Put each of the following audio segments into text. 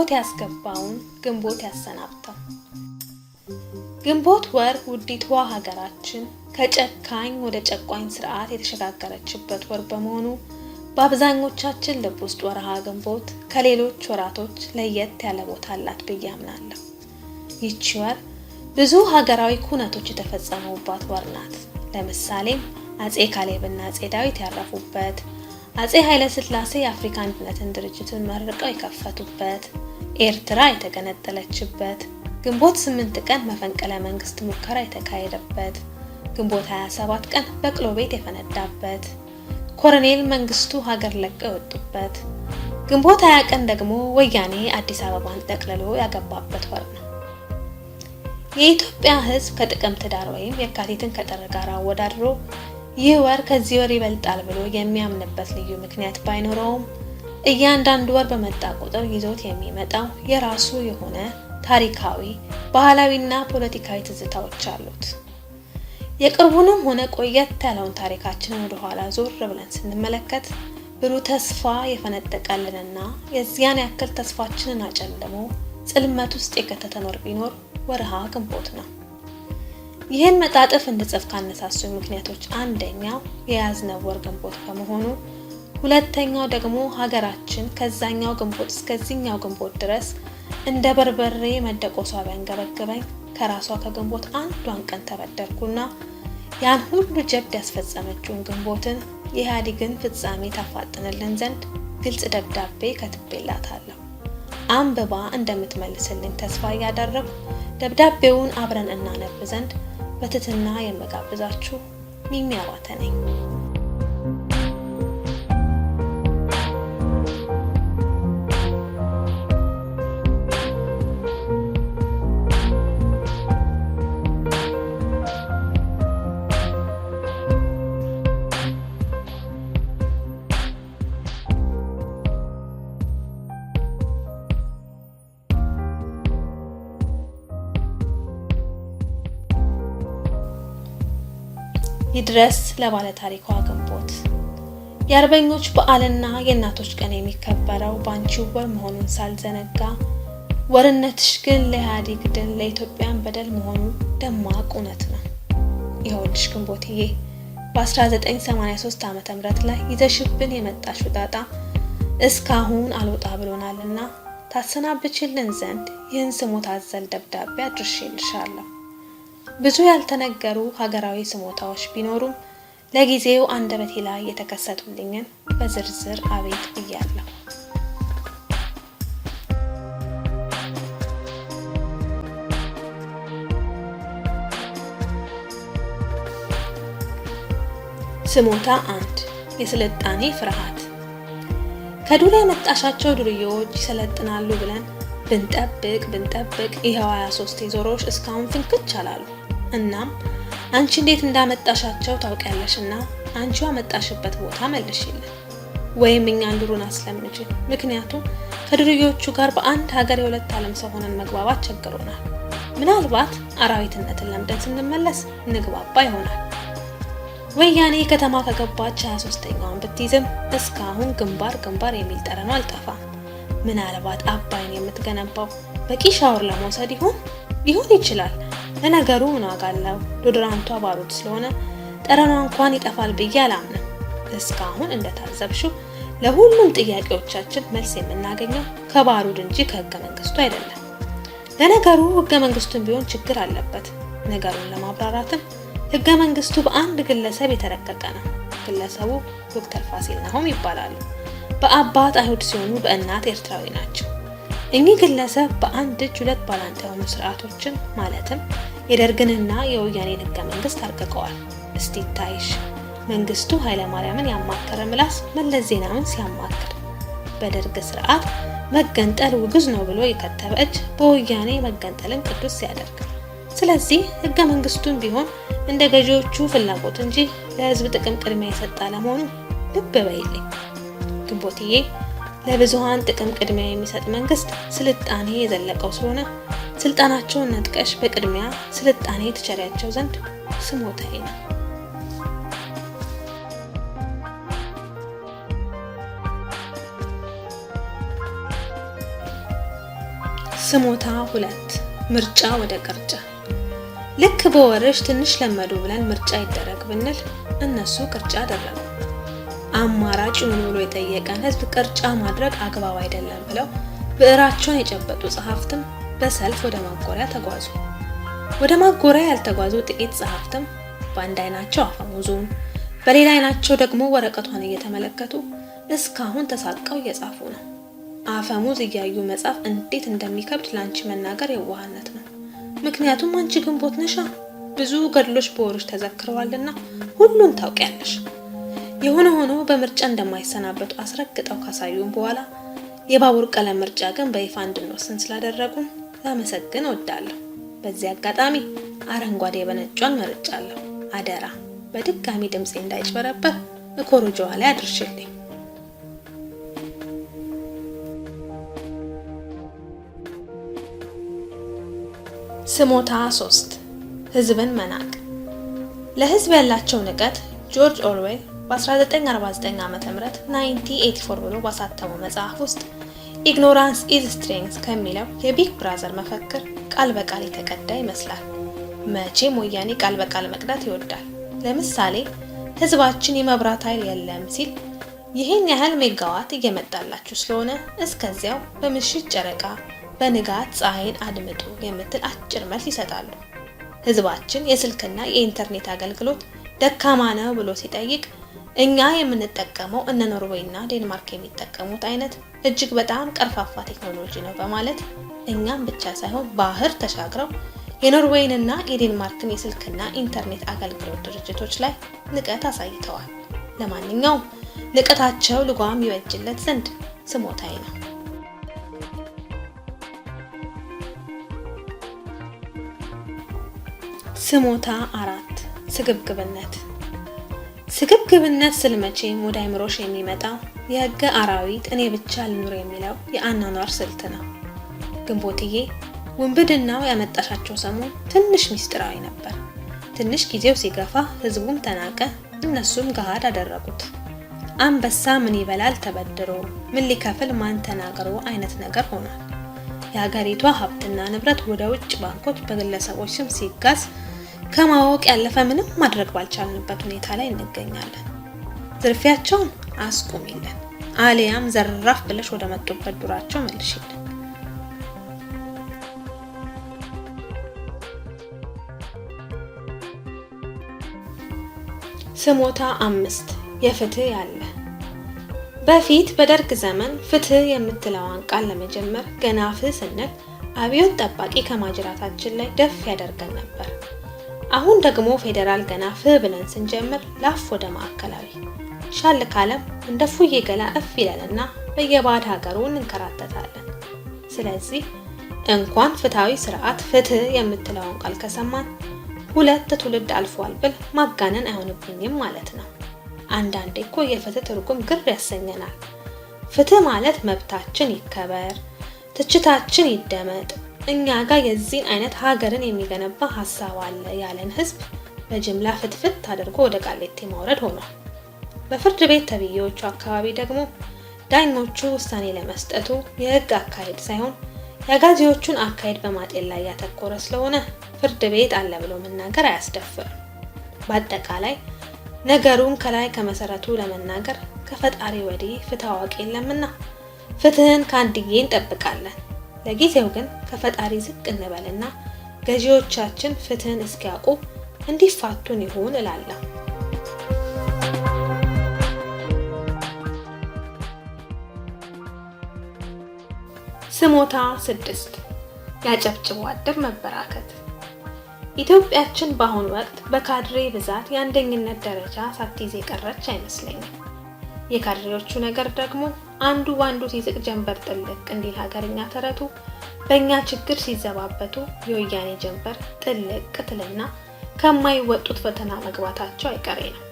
ግንቦት ያስገባውን ግንቦት ያሰናብተው። ግንቦት ወር ውዲቷ ሀገራችን ከጨካኝ ወደ ጨቋኝ ስርዓት የተሸጋገረችበት ወር በመሆኑ በአብዛኞቻችን ልብ ውስጥ ወርሃ ግንቦት ከሌሎች ወራቶች ለየት ያለ ቦታ አላት ብዬ አምናለሁ። ይቺ ወር ብዙ ሀገራዊ ኩነቶች የተፈጸሙባት ወር ናት። ለምሳሌም አጼ ካሌብና አጼ ዳዊት ያረፉበት፣ አጼ ኃይለስላሴ የአፍሪካ አንድነትን ድርጅትን መርቀው የከፈቱበት ኤርትራ የተገነጠለችበት፣ ግንቦት 8 ቀን መፈንቅለ መንግስት ሙከራ የተካሄደበት፣ ግንቦት 27 ቀን በቅሎ ቤት የፈነዳበት፣ ኮሎኔል መንግስቱ ሀገር ለቀው የወጡበት፣ ግንቦት 20 ቀን ደግሞ ወያኔ አዲስ አበባን ጠቅልሎ ያገባበት ወር ነው። የኢትዮጵያ ሕዝብ ከጥቅምት ዳር ወይም የካቲትን ከጥር ጋር አወዳድሮ ይህ ወር ከዚህ ወር ይበልጣል ብሎ የሚያምንበት ልዩ ምክንያት ባይኖረውም እያንዳንዱ ወር በመጣ ቁጥር ይዞት የሚመጣው የራሱ የሆነ ታሪካዊ፣ ባህላዊና ፖለቲካዊ ትዝታዎች አሉት። የቅርቡንም ሆነ ቆየት ያለውን ታሪካችንን ወደ ኋላ ዞር ብለን ስንመለከት ብሩህ ተስፋ የፈነጠቀልንና የዚያን ያክል ተስፋችንን አጨልሞ ጽልመት ውስጥ የከተተን ወር ቢኖር ወርሃ ግንቦት ነው። ይህን መጣጥፍ እንድጽፍ ካነሳሱ ምክንያቶች አንደኛው የያዝነው ወር ግንቦት በመሆኑ ሁለተኛው ደግሞ ሀገራችን ከዛኛው ግንቦት እስከዚህኛው ግንቦት ድረስ እንደ በርበሬ መደቆሷ ቢያንገበግበኝ ከራሷ ከግንቦት አንዷን ቀን ተበደርኩና ያን ሁሉ ጀብድ ያስፈጸመችውን ግንቦትን የኢህአዴግን ፍጻሜ ታፋጥንልን ዘንድ ግልጽ ደብዳቤ ከትቤላታለሁ። አንብባ እንደምትመልስልኝ ተስፋ እያደረጉ ደብዳቤውን አብረን እናነብ ዘንድ በትትና የመጋብዛችሁ ሚሚ አባተ ነኝ። ይድረስ ለባለ ታሪኳ ግንቦት የአርበኞች በዓልና የእናቶች ቀን የሚከበረው በአንቺው ወር መሆኑን ሳልዘነጋ ወርነትሽ ግን ለኢህአዴግ ድል ለኢትዮጵያን በደል መሆኑ ደማቅ እውነት ነው። ይኸውልሽ ግንቦትዬ በ1983 ዓ ም ላይ ይዘሽብን የመጣሽ ውጣጣ እስካሁን አልወጣ ብሎናልና ታሰናብችልን ዘንድ ይህን ስሞት አዘል ደብዳቤ አድርሼልሻለሁ። ብዙ ያልተነገሩ ሀገራዊ ስሞታዎች ቢኖሩም ለጊዜው አንደበቴ ላይ የተከሰቱልኝን በዝርዝር አቤት ብያለሁ። ስሞታ አንድ የስልጣኔ ፍርሃት ከዱር የመጣሻቸው ዱርዬዎች ይሰለጥናሉ ብለን ብንጠብቅ ብንጠብቅ ይኸው 23 ዞሮች እስካሁን ፍንክች አላሉ። እናም አንቺ እንዴት እንዳመጣሻቸው ታውቂያለሽ እና አንቺ አመጣሽበት ቦታ መልሽልን ወይም እኛን ድሩን አስለምጂ። ምክንያቱም ከድርዮቹ ጋር በአንድ ሀገር የሁለት ዓለም ሰው ሆነን መግባባት ቸግሮናል። ምናልባት አራዊትነትን ለምደን ስንመለስ ንግባባ ይሆናል። ወያኔ ከተማ ከገባች 23ኛውን ብትይዝም እስካሁን ግንባር ግንባር የሚል ጠረኑ አልጠፋም። ምናልባት አባይን የምትገነባው በቂ ሻወር ለመውሰድ ይሆን? ሊሆን ይችላል። ለነገሩ ምን ዋጋ አለው? ዶድራንቷ ባሩድ ስለሆነ ጠረኗ እንኳን ይጠፋል ብዬ አላምንም። እስካሁን እንደታዘብሽው ለሁሉም ጥያቄዎቻችን መልስ የምናገኘው ከባሩድ እንጂ ከህገ መንግስቱ አይደለም። ለነገሩ ህገ መንግስቱን ቢሆን ችግር አለበት። ነገሩን ለማብራራትም ህገ መንግስቱ በአንድ ግለሰብ የተረቀቀ ነው። ግለሰቡ ዶክተር ፋሲል ናሆም ይባላሉ። በአባት አይሁድ ሲሆኑ በእናት ኤርትራዊ ናቸው። እኚህ ግለሰብ በአንድ እጅ ሁለት ባላንጣ የሆኑ ስርዓቶችን ማለትም የደርግንና የወያኔን ህገ መንግስት አርቅቀዋል። እስቲ ታይሽ! መንግስቱ ኃይለማርያምን ያማከረ ምላስ መለስ ዜናውን ሲያማክር፣ በደርግ ስርዓት መገንጠል ውግዝ ነው ብሎ የከተበ እጅ በወያኔ መገንጠልን ቅዱስ ሲያደርግ ስለዚህ ህገ መንግስቱን ቢሆን እንደ ገዢዎቹ ፍላጎት እንጂ ለህዝብ ጥቅም ቅድሚያ የሰጠ አለመሆኑ ልብ በይልኝ ግንቦትዬ። ለብዙሀን ጥቅም ቅድሚያ የሚሰጥ መንግስት ስልጣኔ የዘለቀው ስለሆነ ስልጣናቸውን ነጥቀሽ በቅድሚያ ስልጣኔ ትቸሪያቸው ዘንድ ስሞታዬ ነው። ስሞታ ሁለት ምርጫ ወደ ቅርጫ ልክ በወርሽ ትንሽ ለመዱ ብለን ምርጫ ይደረግ ብንል እነሱ ቅርጫ አደረጉ። አማራጭ ይሁን ብሎ የጠየቀን ህዝብ ቅርጫ ማድረግ አግባብ አይደለም ብለው ብዕራቸውን የጨበጡ ጸሐፍትም በሰልፍ ወደ ማጎሪያ ተጓዙ። ወደ ማጎሪያ ያልተጓዙ ጥቂት ጸሐፍትም በአንድ አይናቸው አፈሙዙን በሌላ አይናቸው ደግሞ ወረቀቷን እየተመለከቱ እስካሁን ተሳቀው እየጻፉ ነው። አፈሙዝ እያዩ መጻፍ እንዴት እንደሚከብድ ለአንቺ መናገር የዋህነት ነው። ምክንያቱም አንቺ ግንቦት ነሻ ብዙ ገድሎች በወሮች ተዘክረዋልና ሁሉን ታውቂያለሽ። የሆነ ሆኖ በምርጫ እንደማይሰናበቱ አስረግጠው ካሳዩም በኋላ የባቡር ቀለም ምርጫ ግን በይፋ እንድንወስን ስላደረጉም ላመሰግን እወዳለሁ። በዚህ አጋጣሚ አረንጓዴ በነጯን መርጫለሁ። አደራ በድጋሚ ድምፄ እንዳይጭበረበር ኮሮጆዋ ላይ አድርሽልኝ። ስሞታ ሶስት ህዝብን መናቅ። ለህዝብ ያላቸው ንቀት ጆርጅ ኦርዌል በ1949 ዓ ም 1984 ብሎ ባሳተመው መጽሐፍ ውስጥ ኢግኖራንስ ኢዝ ስትሬንግዝ ከሚለው የቢግ ብራዘር መፈክር ቃል በቃል የተቀዳ ይመስላል። መቼም ወያኔ ቃል በቃል መቅዳት ይወዳል። ለምሳሌ ህዝባችን የመብራት ኃይል የለም ሲል ይህን ያህል ሜጋዋት እየመጣላችሁ ስለሆነ እስከዚያው በምሽት ጨረቃ በንጋት ፀሐይን አድምጡ የምትል አጭር መልስ ይሰጣሉ። ህዝባችን የስልክና የኢንተርኔት አገልግሎት ደካማ ነው ብሎ ሲጠይቅ እኛ የምንጠቀመው እነ ኖርዌይ እና ዴንማርክ የሚጠቀሙት አይነት እጅግ በጣም ቀርፋፋ ቴክኖሎጂ ነው በማለት እኛም ብቻ ሳይሆን ባህር ተሻግረው የኖርዌይንና የዴንማርክን የስልክና ኢንተርኔት አገልግሎት ድርጅቶች ላይ ንቀት አሳይተዋል። ለማንኛውም ንቀታቸው ልጓም ይበጅለት ዘንድ ስሞታይ ነው። ስሞታ አራት ስግብግብነት ስግብግብነት ስል መቼም ወደ አይምሮሽ የሚመጣው የህገ አራዊት እኔ ብቻ ልኑር የሚለው የአናኗር ስልት ነው። ግንቦትዬ ውንብድናው ያመጣሻቸው ሰሞን ትንሽ ሚስጥራዊ ነበር። ትንሽ ጊዜው ሲገፋ ህዝቡም ተናቀ፣ እነሱም ገሃድ አደረጉት። አንበሳ ምን ይበላል ተበድሮ፣ ምን ሊከፍል ማን ተናግሮ አይነት ነገር ሆኗል። የሀገሪቷ ሀብትና ንብረት ወደ ውጭ ባንኮች በግለሰቦች ስም ሲጋዝ ከማወቅ ያለፈ ምንም ማድረግ ባልቻልንበት ሁኔታ ላይ እንገኛለን። ዝርፊያቸውን አስቁሚልን፣ አሊያም ዘራፍ ብለሽ ወደ መጡበት ዱራቸው መልሽልን። ስሞታ አምስት የፍትህ ያለ በፊት በደርግ ዘመን ፍትህ የምትለዋን ቃል ለመጀመር ገና ፍትህ ስንል አብዮት ጠባቂ ከማጅራታችን ላይ ደፍ ያደርገን ነበር። አሁን ደግሞ ፌዴራል ገና ፍ ብለን ስንጀምር ላፍ ወደ ማዕከላዊ ሻል ካለም እንደ ፉዬ ገላ እፍ ይለንና በየባድ ሀገሩ እንንከራተታለን። ስለዚህ እንኳን ፍትሐዊ ስርዓት ፍትህ የምትለውን ቃል ከሰማን ሁለት ትውልድ አልፏል ብል ማጋነን አይሆንብኝም ማለት ነው። አንዳንዴ እኮ የፍትህ ትርጉም ግር ያሰኘናል። ፍትህ ማለት መብታችን ይከበር፣ ትችታችን ይደመጥ እኛ ጋር የዚህን አይነት ሀገርን የሚገነባ ሀሳብ አለ ያለን ህዝብ በጅምላ ፍትፍት አድርጎ ወደ ቃሌቴ ማውረድ ሆኗል። በፍርድ ቤት ተብዬዎቹ አካባቢ ደግሞ ዳኞቹ ውሳኔ ለመስጠቱ የህግ አካሄድ ሳይሆን የአጋዜዎቹን አካሄድ በማጤን ላይ ያተኮረ ስለሆነ ፍርድ ቤት አለ ብሎ መናገር አያስደፍርም። በአጠቃላይ ነገሩን ከላይ ከመሰረቱ ለመናገር ከፈጣሪ ወዲህ ፍትህ አዋቂ የለምና ፍትህን ከአንድዬ እንጠብቃለን። ለጊዜው ግን ከፈጣሪ ዝቅ እንበልና ገዢዎቻችን ፍትህን እስኪያውቁ እንዲፋቱን ይሁን እላለሁ። ስሞታ ስድስት ያጨብጭቡ አድር መበራከት። ኢትዮጵያችን በአሁኑ ወቅት በካድሬ ብዛት የአንደኝነት ደረጃ ሳትይዝ የቀረች አይመስለኝም። የካድሬዎቹ ነገር ደግሞ አንዱ ባንዱ ሲዝቅ ጀንበር ጥልቅ እንዲል ሀገርኛ ተረቱ። በእኛ ችግር ሲዘባበቱ የወያኔ ጀንበር ጥልቅ ትልና ከማይወጡት ፈተና መግባታቸው አይቀሬ ነው።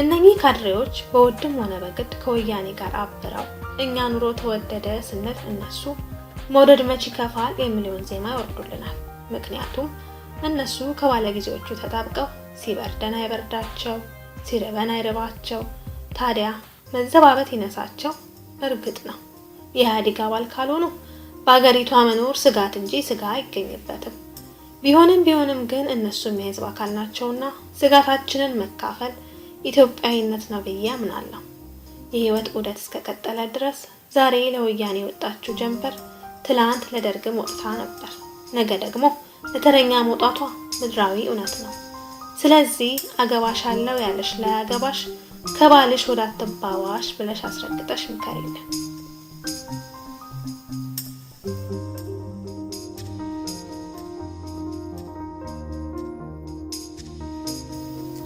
እነኚህ ካድሬዎች በውድም ሆነ በግድ ከወያኔ ጋር አብረው እኛ ኑሮ ተወደደ ስንል እነሱ መውደድ መች ይከፋል የሚለውን ዜማ ይወርዱልናል። ምክንያቱም እነሱ ከባለጊዜዎቹ ተጣብቀው ሲበርደን አይበርዳቸው፣ ሲርበን አይርባቸው ታዲያ መዘባበት ይነሳቸው እርግጥ ነው የኢህአዴግ አባል ካልሆኑ በሀገሪቷ መኖር ስጋት እንጂ ስጋ አይገኝበትም። ቢሆንም ቢሆንም ግን እነሱም የህዝብ አካል ናቸውና ስጋታችንን መካፈል ኢትዮጵያዊነት ነው ብዬ አምናለሁ። የህይወት ዑደት እስከቀጠለ ድረስ ዛሬ ለወያኔ የወጣችው ጀንበር ትላንት ለደርግም ወጥታ ነበር። ነገ ደግሞ ለተረኛ መውጣቷ ምድራዊ እውነት ነው። ስለዚህ አገባሽ አለው ያለሽ ላይ አገባሽ ከባልሽ ወደ አትባዋሽ ብለሽ አስረግጠሽ ምከሪልን።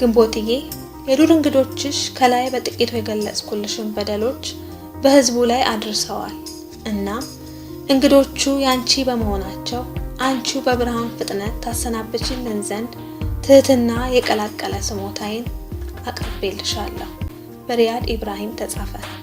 ግንቦትዬ የዱር እንግዶችሽ ከላይ በጥቂቱ የገለጽኩልሽን በደሎች በህዝቡ ላይ አድርሰዋል። እናም እንግዶቹ ያንቺ በመሆናቸው አንቺው በብርሃን ፍጥነት ታሰናብችልን ዘንድ ትህትና የቀላቀለ ስሞታይን አቅርቤልሻለሁ። በሪያድ ኢብራሂም ተጻፈ።